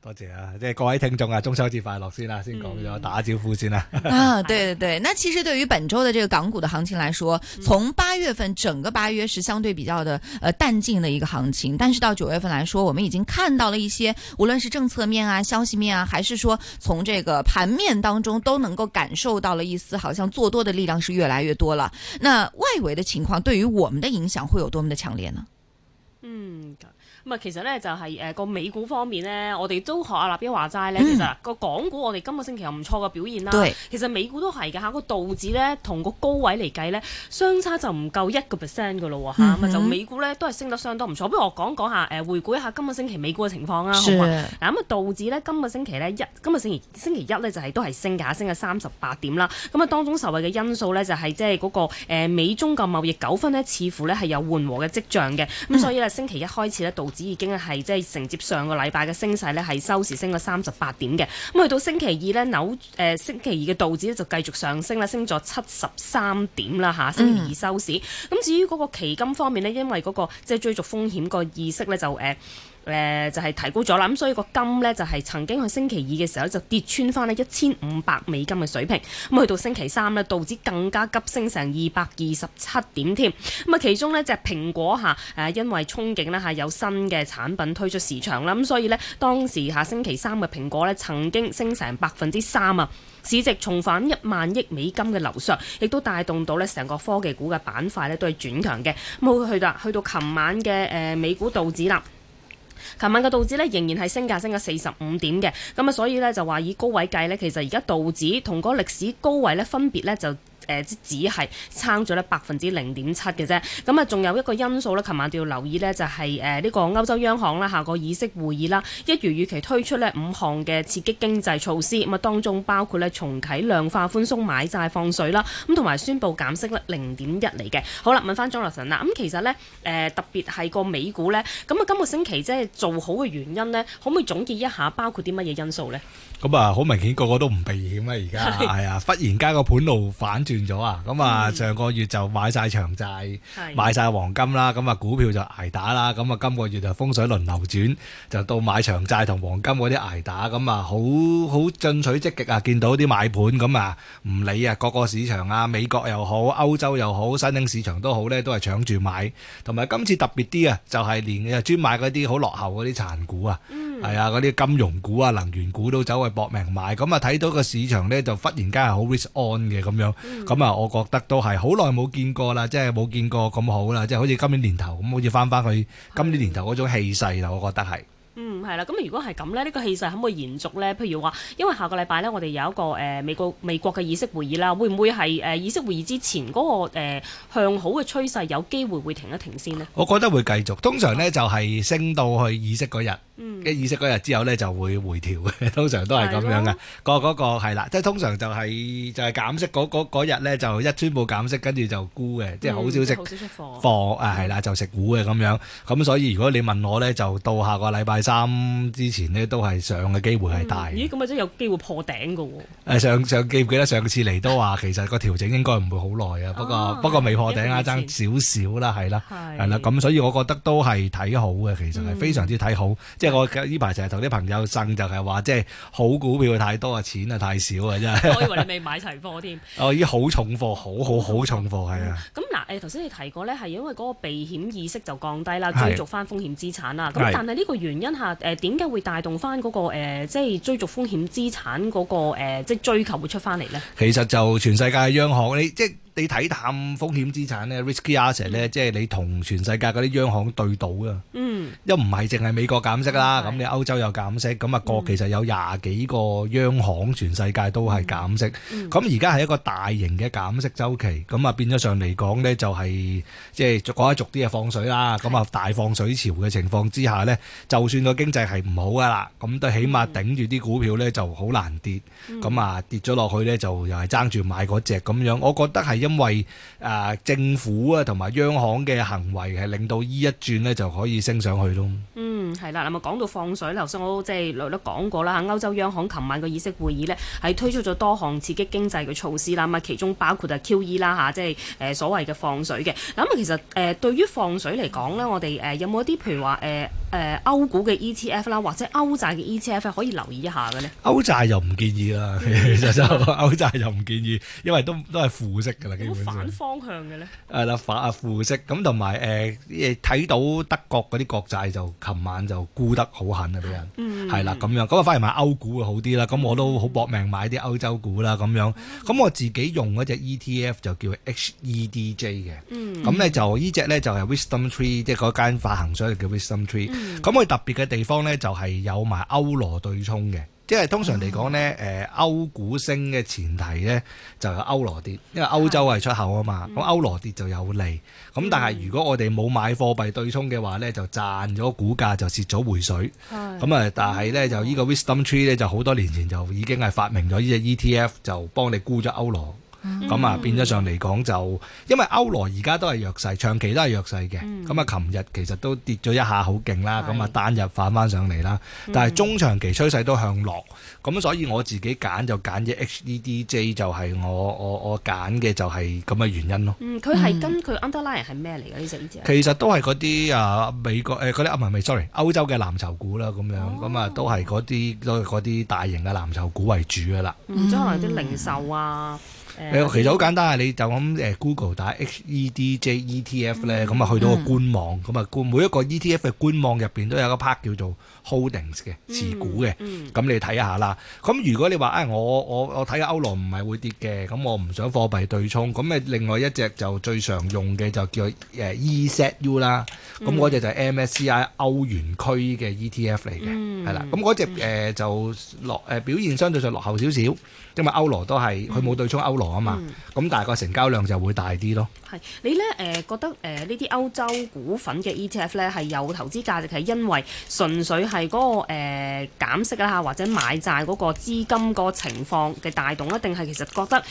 多謝啊！即係各位聽眾啊，中秋節快樂先啦、啊，先講咗、嗯、打招呼先啦、啊。啊，對對對，那其實對於本週的這個港股的行情來說，從八月份整個八月是相對比較的，呃，淡靜的一個行情。但是到九月份來說，我們已經看到了一些，無論是政策面啊、消息面啊，還是說從這個盤面當中都能夠感受到了一絲，好像做多的力量是越來越多了。那外圍的情況對於我們的影響會有多麼的強烈呢？嗯。咁啊，其實咧就係誒個美股方面咧，我哋都學阿立彪話齋咧。嗯、其實個港股我哋今個星期有唔錯嘅表現啦。對其實美股都係嘅嚇，個道指咧同個高位嚟計咧，相差就唔夠一個 percent 嘅咯嚇。咁啊，嗯、哼就美股咧都係升得相當唔錯。不如我講講下誒、呃，回顧一下今個星期美股嘅情況啊。好唔好？嗱咁啊，是道指咧今個星期咧一，今個星期星期一咧就係、是、都係升嘅升咗三十八點啦。咁啊，當中受惠嘅因素咧就係、是、即係嗰、那個、呃、美中嘅貿易糾紛咧，似乎咧係有緩和嘅跡象嘅。咁、嗯、所以咧，星期一開始咧道指已經係即係承接上個禮拜嘅升勢咧，係收市升咗三十八點嘅咁。去到星期二呢，扭、呃、誒星期二嘅道指咧就繼續上升啦，升咗七十三點啦嚇。下星期二收市咁、嗯、至於嗰個期金方面呢，因為嗰個即係追逐風險個意識呢，就誒。呃誒、呃、就係、是、提高咗啦，咁、嗯、所以個金呢，就係、是、曾經喺星期二嘅時候就跌穿翻呢一千五百美金嘅水平，咁、嗯、去到星期三呢，道指更加急升成二百二十七點添。咁、嗯、啊，其中呢就係、是、蘋果下誒、呃，因為憧憬呢，嚇、啊、有新嘅產品推出市場啦，咁、嗯、所以呢，當時下星期三嘅蘋果呢，曾經升成百分之三啊，市值重返一萬億美金嘅樓上，亦都帶動到呢成個科技股嘅板塊呢，都係轉強嘅。咁、嗯、去到去到琴晚嘅誒、呃、美股道指啦。琴晚嘅道指咧仍然係升價，升咗四十五點嘅，咁啊，所以呢，就話以高位計呢，其實而家道指同嗰個歷史高位呢，分別呢就，誒只係差咗呢百分之零點七嘅啫，咁啊仲有一個因素呢，琴晚要留意呢，就係誒呢個歐洲央行啦，下個議息會議啦，一如預期推出呢五項嘅刺激經濟措施，咁啊當中包括呢重啟量化寬鬆買債放水啦，咁同埋宣布減息咧零點一嚟嘅。好啦，問翻莊立臣嗱，咁其實呢，誒特別係個美股呢。咁啊今個星期即係做好嘅原因呢，可唔可以總結一下包括啲乜嘢因素呢？咁啊好明顯個個都唔避險啊，而家係啊，忽然間個盤路反轉。斷咗啊！咁啊、嗯，上個月就買晒長債，買晒黃金啦。咁啊，股票就捱打啦。咁啊，今個月就風水輪流轉，就到買長債同黃金嗰啲捱打。咁啊，好好進取積極啊！見到啲買盤咁啊，唔理啊，各個市場啊，美國又好，歐洲又好，新興市場都好呢，都係搶住買。同埋今次特別啲啊，就係、是、連專買嗰啲好落後嗰啲殘股啊。嗯係啊，嗰啲金融股啊，能源股都走去搏命買，咁啊，睇到個市場咧就忽然間係好 risk on 嘅咁樣，咁啊，我覺得都係好耐冇見過啦，即係冇見過咁好啦，即係好似今年年頭咁，好似翻翻去今年年頭嗰種氣勢啦，我覺得係。嗯，係啦，咁如果係咁咧，呢個氣勢可唔可以延續咧？譬如話，因為下個禮拜咧，我哋有一個誒美國美國嘅議息會議啦，會唔會係誒議息會議之前嗰個誒向好嘅趨勢有機會會停一停先咧？我覺得會繼續，通常咧就係升到去議息嗰日。嘅議息嗰日之後咧，就會回調嘅，通常都係咁樣嘅。個嗰個係啦，即係通常就係就係減息嗰嗰嗰日咧，就一宣佈減息，跟住就沽嘅，即係好少食少食貨，貨啊係啦，就食糊嘅咁樣。咁所以如果你問我咧，就到下個禮拜三之前咧，都係上嘅機會係大。咦，咁咪即係有機會破頂嘅喎？誒上上記唔記得上次嚟都話，其實個調整應該唔會好耐啊。不過不過未破頂啊，爭少少啦，係啦，係啦。咁所以我覺得都係睇好嘅，其實係非常之睇好。即係我依排成日同啲朋友爭，就係話即係好股票太多啊，錢啊太少啊，真係。我以為你未買齊貨添。哦，依好重貨，好好好重貨，係啊。咁嗱、嗯，誒頭先你提過咧，係因為嗰個避險意識就降低啦，追逐翻風險資產啦。咁是但係呢個原因下，誒點解會帶動翻、嗰、嗰個、呃、即係追逐風險資產嗰、嗰個、呃、即係追求會出翻嚟咧？其實就全世界嘅央行你，即係。你睇淡風險資產咧，riskier 咧，mm hmm. 即係你同全世界嗰啲央行對賭啊！嗯、mm，又唔係淨係美國減息啦，咁你、mm hmm. 歐洲又減息，咁啊，其實有廿幾個央行全世界都係減息。咁而家係一個大型嘅減息週期，咁啊變咗上嚟講咧、就是，就係即係逐講一逐啲啊放水啦，咁啊大放水潮嘅情況之下咧，mm hmm. 就算個經濟係唔好噶啦，咁都起碼頂住啲股票咧就好難跌。咁啊、mm hmm. 嗯、跌咗落去咧就又係爭住買嗰隻咁樣，我覺得係。因為誒、呃、政府啊同埋央行嘅行為係令到依一轉咧就可以升上去咯。嗯。嗯，係啦，咁啊講到放水咧，頭先我即係略略講過啦吓，歐洲央行琴晚個議息會議呢係推出咗多項刺激經濟嘅措施啦，咁啊其中包括啊 QE 啦，啊、吓，即係誒、呃、所謂嘅放水嘅。咁，嗯、啊，其實誒、呃、對於放水嚟講呢，我哋誒、呃、有冇一啲譬如話誒？呃誒歐股嘅 ETF 啦，或者歐債嘅 ETF 可以留意一下嘅咧。歐債就唔建議啦，其實就歐債就唔建議，因為都都係負息嘅啦，有有反方向嘅咧。係啦，反啊負息。咁同埋誒，睇、呃、到德國嗰啲國債就琴晚就沽得好狠啊畀人，係啦咁樣，咁啊反而買歐股會好啲啦。咁我都好搏命買啲歐洲股啦咁樣。咁、嗯、我自己用嗰隻 ETF 就叫 HEDJ 嘅、嗯，咁咧、嗯、就呢隻咧就係 Wisdom Tree，即係嗰間發行商叫 Wisdom Tree。咁佢、嗯、特別嘅地方呢，就係有埋歐羅對沖嘅，即、就、係、是、通常嚟講咧，誒、嗯呃、歐股升嘅前提呢，就有歐羅跌，因為歐洲係出口啊嘛。咁、嗯、歐羅跌就有利。咁但係如果我哋冇買貨幣對沖嘅話呢，就賺咗股價，就蝕咗回水。咁啊、嗯，但係呢，就呢個 Wisdom Tree 呢，就好多年前就已經係發明咗呢隻 ETF，就幫你沽咗歐羅。咁啊，嗯、變咗上嚟講就，因為歐羅而家都係弱勢，長期都係弱勢嘅。咁啊、嗯，琴日、嗯、其實都跌咗一下好勁啦，咁啊是單日反翻上嚟啦。但係中長期趨勢都向落，咁、嗯、所以我自己揀就揀嘅 HEDJ 就係我我我揀嘅就係咁嘅原因咯。佢係根據 underlying 係咩嚟嘅呢隻？嗯、其實都係嗰啲啊美國誒嗰啲啊唔係 sorry 歐洲嘅藍籌股啦，咁樣咁啊、哦、都係嗰啲都係啲大型嘅藍籌股為主嘅啦。嗯，即係可能啲零售啊。嗯誒、uh, 其實好簡單啊！你就咁誒 Google 打 HEDJ ETF 咧，咁啊、mm hmm. 去到個官網，咁啊、mm hmm. 每一個 ETF 嘅官網入邊都有一個 part 叫做 holdings 嘅持股嘅，咁、mm hmm. 你睇下啦。咁如果你話啊、哎，我我我睇下歐羅唔係會跌嘅，咁我唔想貨幣對沖，咁誒另外一隻就最常用嘅就叫誒 EZU 啦，咁嗰隻就 MSCI 歐元區嘅 ETF 嚟嘅，係、mm hmm. 啦。咁嗰隻就落誒、呃、表現相對上落後少少，因為歐羅都係佢冇對沖歐羅。啊嘛，咁、嗯、大係個成交量就會大啲咯。係你呢誒、呃，覺得誒呢啲歐洲股份嘅 ETF 呢，係有投資價值，係因為純粹係嗰、那個誒減、呃、息啦，或者買債嗰個資金個情況嘅帶動啊，定係其實覺得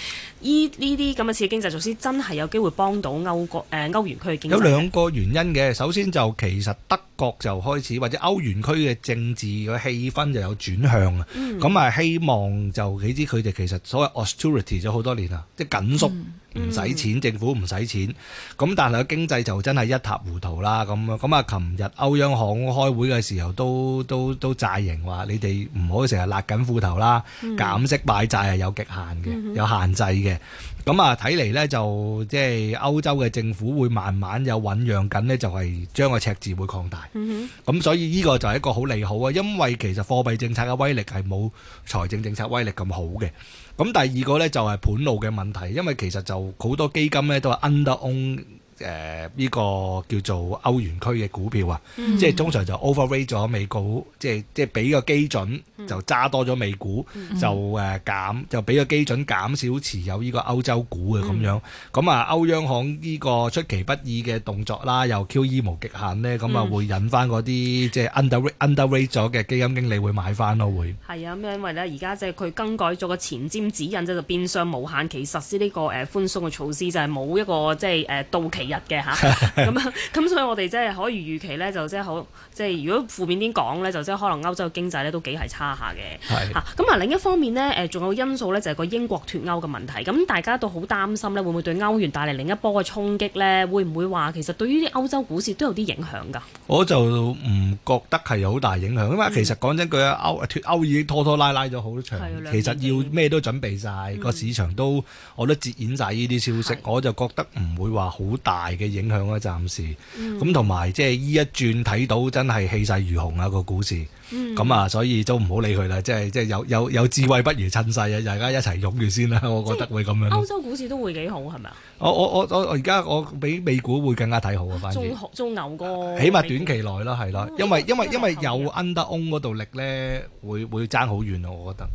依呢啲咁嘅刺激經濟措施真係有機會幫到歐國誒歐、呃、元區嘅經濟？有兩個原因嘅，首先就其實得國就開始或者歐元區嘅政治嘅氣氛就有轉向啊，咁啊、嗯、希望就你知佢哋其實所謂 austerity 咗好多年啊，即係緊縮。嗯唔使、嗯、錢，政府唔使錢，咁但係個經濟就真係一塌糊塗啦。咁咁啊，琴日歐央行開會嘅時候都都都債型話：你哋唔好成日勒緊褲頭啦，嗯、減息買債係有極限嘅，嗯、哼有限制嘅。咁啊，睇嚟呢，就即、是、係歐洲嘅政府會慢慢有醞釀緊呢就係將個赤字會擴大。咁、嗯、哼所以呢個就係一個好利好啊，因為其實貨幣政策嘅威力係冇財政政策威力咁好嘅。咁第二個呢，就係盤路嘅問題，因為其實就好多基金咧都係 under own。誒呢、呃這個叫做歐元區嘅股票啊，嗯、即係通常就 overweight 咗美股，嗯、即係即係俾個基準就揸多咗美股，嗯、就誒減就俾個基準減少持有呢個歐洲股嘅咁、嗯、樣。咁啊歐央行呢個出其不意嘅動作啦，又 QE 無極限呢，咁啊會引翻嗰啲即係 underweight underweight 咗嘅基金經理會買翻咯，會。係、嗯、啊，咁因為咧而家即係佢更改咗個前瞻指引，即係變相無限期實施呢個誒寬鬆嘅措施，就係冇一個即係誒到期。日嘅嚇，咁咁 所以我哋即係可以預期呢，就即係好，即係如果負面啲講呢，就即係可能歐洲嘅經濟呢都幾係差下嘅。嚇是，咁啊另一方面呢，誒仲有因素呢，就係個英國脱歐嘅問題。咁大家都好擔心呢，會唔會對歐元帶嚟另一波嘅衝擊呢？會唔會話其實對於啲歐洲股市都有啲影響㗎？我就唔覺得係有好大影響，因為其實講真，句，一歐脱歐已經拖拖拉拉咗好長，的其實要咩都準備晒，個、嗯、市場都我都接演晒呢啲消息，我就覺得唔會話好大。大嘅影響啦，暫時咁，同埋即係依一轉睇到真係氣勢如虹啊，個股市，咁啊所以都唔好理佢啦，即係，即係有有有智慧不如趁勢啊，大家一齊湧住先啦，我覺得會咁樣。歐洲股市都會幾好係咪啊？我我我我我而家我比美股會更加睇好啊，反正。仲仲牛哥。起碼短期內啦，係啦，因為因為因為有 under own 嗰度力咧，會會爭好遠啊，我覺得。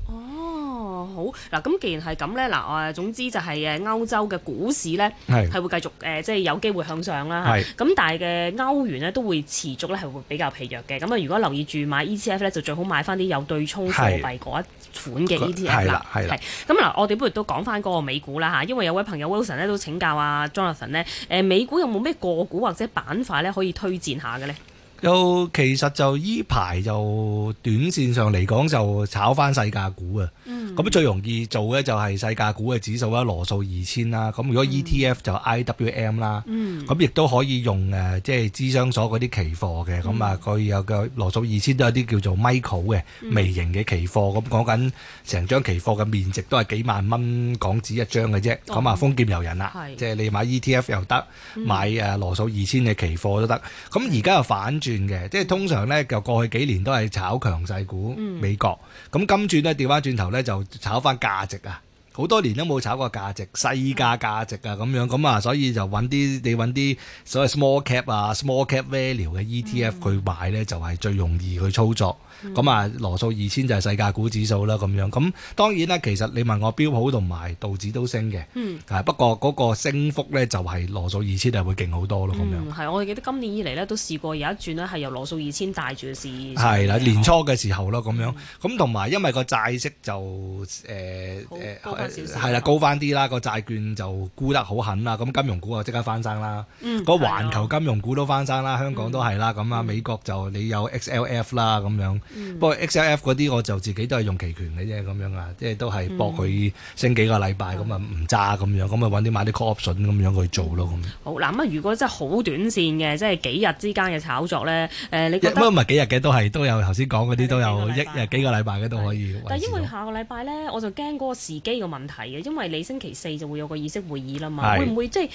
好嗱，咁既然係咁咧，嗱，誒，總之就係誒歐洲嘅股市咧，係會繼續誒是、呃，即係有機會向上啦。咁是，但係嘅歐元咧都會持續咧係會比較疲弱嘅。咁啊是，如果留意住買 ETF 咧，就最好買翻啲有對沖貨幣嗰一款嘅 ETF 啦。係咁嗱，我哋不如都講翻嗰個美股啦嚇，因為有位朋友 Wilson 咧都請教阿、啊、Jonathan 咧、呃，誒美股有冇咩個股或者板塊咧可以推薦下嘅咧？有，其實就依排就短線上嚟講就炒翻細價股啊。嗯咁最容易做咧就係細價股嘅指數啦，羅素二千啦。咁如果 ETF 就 IWM 啦，咁亦都可以用誒，即係芝商所嗰啲期貨嘅。咁啊，佢有個羅素二千都有啲叫做 micro 嘅微型嘅期貨。咁講緊成張期貨嘅面值都係幾萬蚊港紙一張嘅啫。咁啊，豐儉由人啦，即係你買 ETF 又得，買誒羅素二千嘅期貨都得。咁而家又反轉嘅，即係通常咧就過去幾年都係炒強勢股美國。咁今轉咧掉返轉頭咧就，炒翻價值啊！好多年都冇炒過價值，細價價值啊，咁樣，咁啊，所以就揾啲你揾啲所謂 small cap 啊、small cap value 嘅 ETF 去買咧，就係最容易去操作。咁啊，羅素二千就係世界股指數啦，咁樣。咁當然啦，其實你問我標普同埋道指都升嘅，嗯，啊不過嗰個升幅咧就係羅素二千係會勁好多咯，咁樣。係，我哋記得今年以嚟咧都試過有一轉咧係由羅素二千帶住市，係啦，年初嘅時候咯，咁樣。咁同埋因為個債息就誒誒係啦，高翻啲啦，個債券就沽得好狠啦，咁金融股啊即刻翻生啦，嗯，個環球金融股都翻生啦，香港都係啦，咁啊美國就你有 XLF 啦咁樣。嗯、不過 XLF 嗰啲我就自己都係用期權嘅啫咁樣啊，即係都係博佢升幾個禮拜咁啊唔揸咁樣，咁啊揾啲買啲 option 咁樣去做咯咁，樣好嗱咁啊，如果真係好短線嘅，即係幾日之間嘅炒作咧？誒、呃，你覺得唔係幾日嘅都係都有頭先講嗰啲，都有一幾個禮拜嘅都可以。但係因為下個禮拜咧，我就驚嗰個時機嘅問題嘅，因為你星期四就會有個議息會議啦嘛，是會唔會即係誒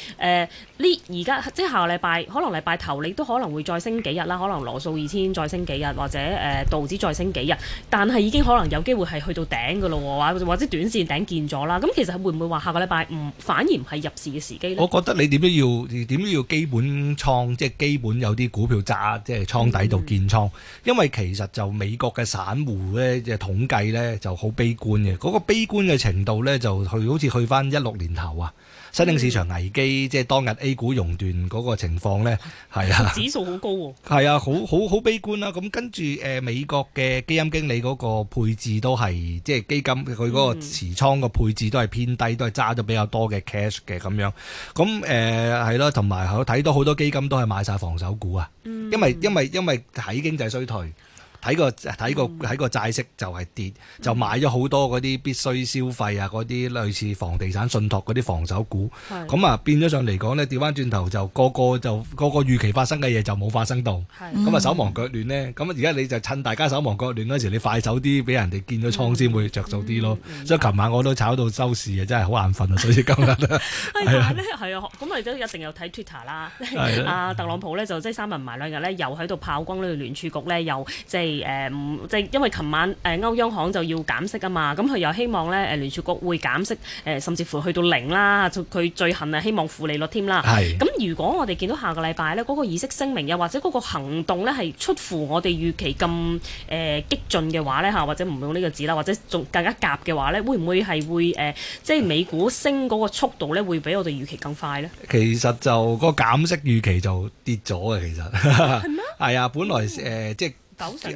呢？而、呃、家即係下個禮拜，可能禮拜頭你都可能會再升幾日啦，可能羅素二千再升幾日或者誒到。呃 唔止再升幾日，但係已經可能有機會係去到頂嘅咯，或者短線頂見咗啦。咁其實會唔會話下個禮拜五反而唔係入市嘅時機咧？我覺得你點都要點都要基本倉，即係基本有啲股票揸，即係倉底度建倉，嗯、因為其實就美國嘅散戶咧，嘅統計咧就好悲觀嘅，嗰個悲觀嘅程度咧，就去好似去翻一六年頭啊。新興市場危機，嗯、即係當日 A 股熔斷嗰個情況呢，係、嗯、啊，指數好高喎，係啊，好好好悲觀啦、啊。咁跟住誒，美國嘅基金經理嗰個配置都係，即係基金佢嗰個持倉個配置都係偏低，都係揸咗比較多嘅 cash 嘅咁樣。咁誒係咯，同埋我睇到好多基金都係買晒防守股啊，因為因為因為喺經濟衰退。睇個睇個睇個債息就係跌，就買咗好多嗰啲必須消費啊，嗰啲類似房地產信託嗰啲防守股。係，咁啊變咗上嚟講咧，調翻轉頭就個個就個個預期發生嘅嘢就冇發生到。係，咁啊手忙腳亂咧，咁而家你就趁大家手忙腳亂嗰時，你快手啲，俾人哋建咗倉先會著數啲咯。所以琴晚我都炒到收市啊，真係好眼瞓啊，所以今日係啊，係啊，咁咪就一定有睇 Twitter 啦。係，阿特朗普咧就即係三日唔埋兩日咧，又喺度炮轟呢個聯儲局咧，又即係。誒，唔即係因為琴晚誒，歐央行就要減息啊嘛，咁佢又希望咧，誒，聯儲局會減息，誒、呃，甚至乎去到零啦，佢最恨啊，希望負利率添啦。係咁是，如果我哋見到下個禮拜呢嗰、那個議息聲明又或者嗰個行動呢係出乎我哋預期咁誒、呃、激進嘅話呢，吓或者唔用呢個字啦，或者仲更加夾嘅話呢，會唔會係會誒、呃，即係美股升嗰個速度呢？會比我哋預期更快呢？其實就、那個減息預期就跌咗啊，其實係咩？係 啊嗎， 本來誒、呃，即係。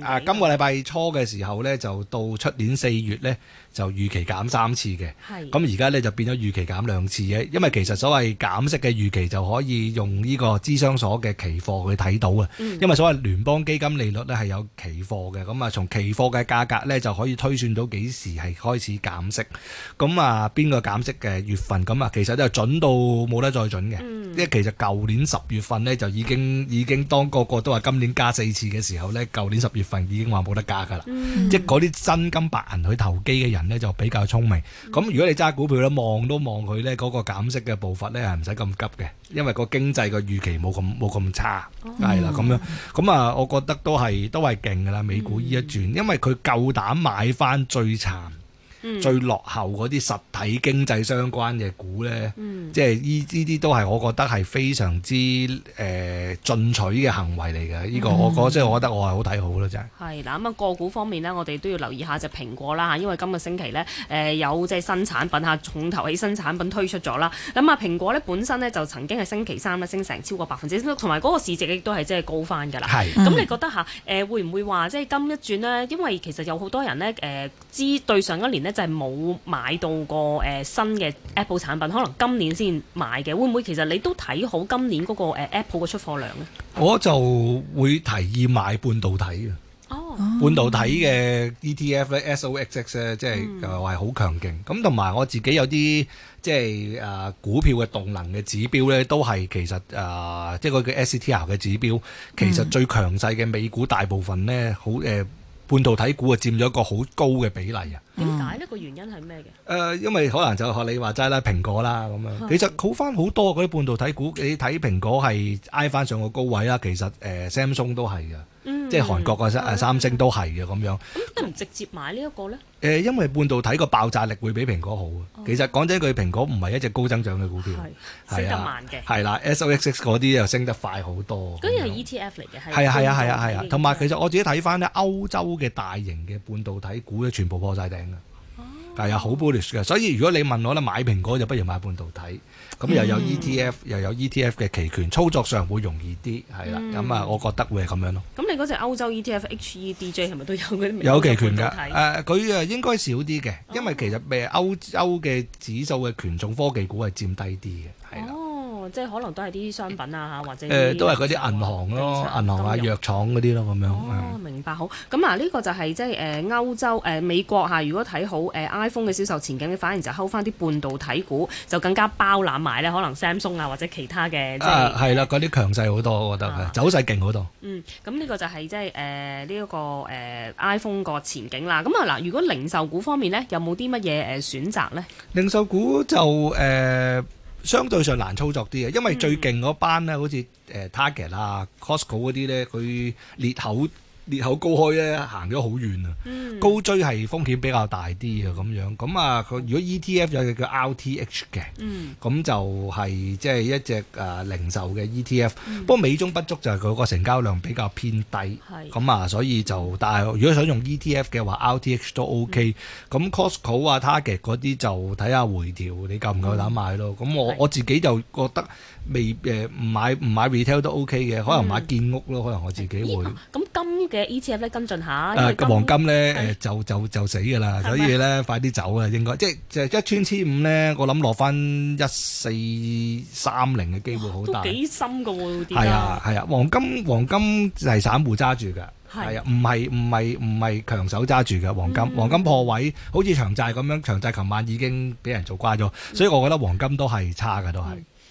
啊！個今個禮拜初嘅時候咧，就到出年四月咧，就預期減三次嘅。係。咁而家咧就變咗預期減兩次嘅，因為其實所謂減息嘅預期就可以用呢個資商所嘅期貨去睇到啊。因為所謂聯邦基金利率咧係有期貨嘅，咁、嗯、啊從期貨嘅價格咧就可以推算到幾時係開始減息。咁啊邊個減息嘅月份？咁啊其實都係準到冇得再準嘅。嗯、因為其實舊年十月份咧就已經已經當個個都話今年加四次嘅時候咧，舊年十月份已經話冇得加㗎啦，嗯、即係嗰啲真金白銀去投機嘅人呢，就比較聰明。咁如果你揸股票咧，望都望佢呢嗰個減息嘅步伐呢，係唔使咁急嘅，因為個經濟嘅預期冇咁冇咁差，係啦咁樣。咁啊，我覺得都係都係勁㗎啦，美股呢一轉，嗯、因為佢夠膽買翻最慘。嗯、最落後嗰啲實體經濟相關嘅股咧，嗯、即係呢依啲都係我覺得係非常之誒、呃、進取嘅行為嚟嘅。呢、呢個我講，嗯、我覺得我係好睇好咯，真係。嗱咁啊，個股方面呢，我哋都要留意下隻蘋果啦，因為今個星期呢，誒、呃、有即係新產品嚇，重頭起新產品推出咗啦。咁、嗯、啊，蘋果呢本身呢，就曾經係星期三咧升成超過百分之，同埋嗰個市值亦都係即係高翻㗎啦。咁是，嗯、你覺得嚇誒、呃、會唔會話即係今一轉呢？因為其實有好多人呢，誒知對上一年呢。就係冇買到個誒新嘅 Apple 產品，可能今年先買嘅。會唔會其實你都睇好今年嗰個 Apple 嘅出貨量咧？我就會提議買半導體嘅。哦，半導體嘅 ETF 咧，SOXX 咧，即係又係好強勁。咁同埋我自己有啲即係誒股票嘅動能嘅指標咧，都係其實誒、呃、即係嗰個 SCTR 嘅指標，其實最強勢嘅美股大部分咧，好誒半導體股啊，佔咗一個好高嘅比例啊。嗯一個原因係咩嘅？誒，因為可能就學你話齋啦，蘋果啦咁樣。其實好翻好多嗰啲半導體股。嗯、你睇蘋果係挨翻上個高位啦。其實誒，Samsung 都係嘅，即係韓國個三星都係嘅咁樣。咁得唔直接買呢一個咧？誒，因為半導體個爆炸力會比蘋果好。哦、其實講真句，蘋果唔係一隻高增長嘅股票，是啊、升得慢嘅係啦。S O X、啊、S 嗰啲又升得快好多。嗰啲係 E T F 嚟嘅，係啊係啊係啊同埋其實我自己睇翻咧，歐洲嘅大型嘅半導體股全部破晒頂。係啊，好 bullish 嘅，所以如果你問我咧，買蘋果就不如買半導體，咁又有 ETF、嗯、又有 ETF 嘅期權，操作上會容易啲，係啦，咁啊、嗯，我覺得會係咁樣咯。咁、嗯、你嗰隻歐洲 ETF HEDJ 係咪都有啲？有期權㗎，誒，佢誒、啊、應該少啲嘅，因為其實誒歐洲嘅指數嘅權重科技股係佔低啲嘅，係啦。哦。即係可能都係啲商品啊嚇，或者誒都係嗰啲銀行咯，銀行啊藥廠嗰啲咯咁樣。哦，明白好。咁啊，呢個就係即係誒歐洲誒、呃、美國嚇。如果睇好誒、呃、iPhone 嘅銷售前景，你反而就睺返啲半導體股，就更加包攬埋咧。可能 Samsung 啊或者其他嘅，即係啦，嗰啲強勢好多，我覺得走勢勁好多。嗯，咁、這、呢個就係即係誒呢一個誒 iPhone 個前景啦。咁啊嗱，如果零售股方面咧，有冇啲乜嘢誒選擇咧？零售股就誒。呃相對上難操作啲嘅，因為最勁嗰班咧，好似誒 Target 啊、Costco 嗰啲咧，佢裂口。裂口高開咧，行咗好遠啊！高追係風險比較大啲嘅咁樣，咁啊佢如果 ETF 有隻叫 RTH 嘅，咁就係即係一隻誒零售嘅 ETF。不過美中不足就係佢個成交量比較偏低，咁啊所以就但係如果想用 ETF 嘅話，RTH 都 OK。咁 Costco 啊、Target 嗰啲就睇下回調你夠唔夠膽買咯。咁我我自己就覺得未誒唔買唔買 retail 都 OK 嘅，可能買建屋咯，可能我自己會。咁金依次咧跟進下，誒、呃、黃金咧唉就就就死㗎啦，嗎所以咧快啲走啊，應該，應該即係即係一穿千五咧，我諗落翻一四三零嘅機會好大。哦、都幾深㗎喎嗰啲。係啊係啊，黃金黃金係散戶揸住㗎，係啊唔係唔係唔係強手揸住㗎。黃金黃金破位好似長債咁樣，長債琴晚已經俾人做瓜咗，所以我覺得黃金都係差㗎都係。嗯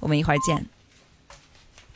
我們一會兒見。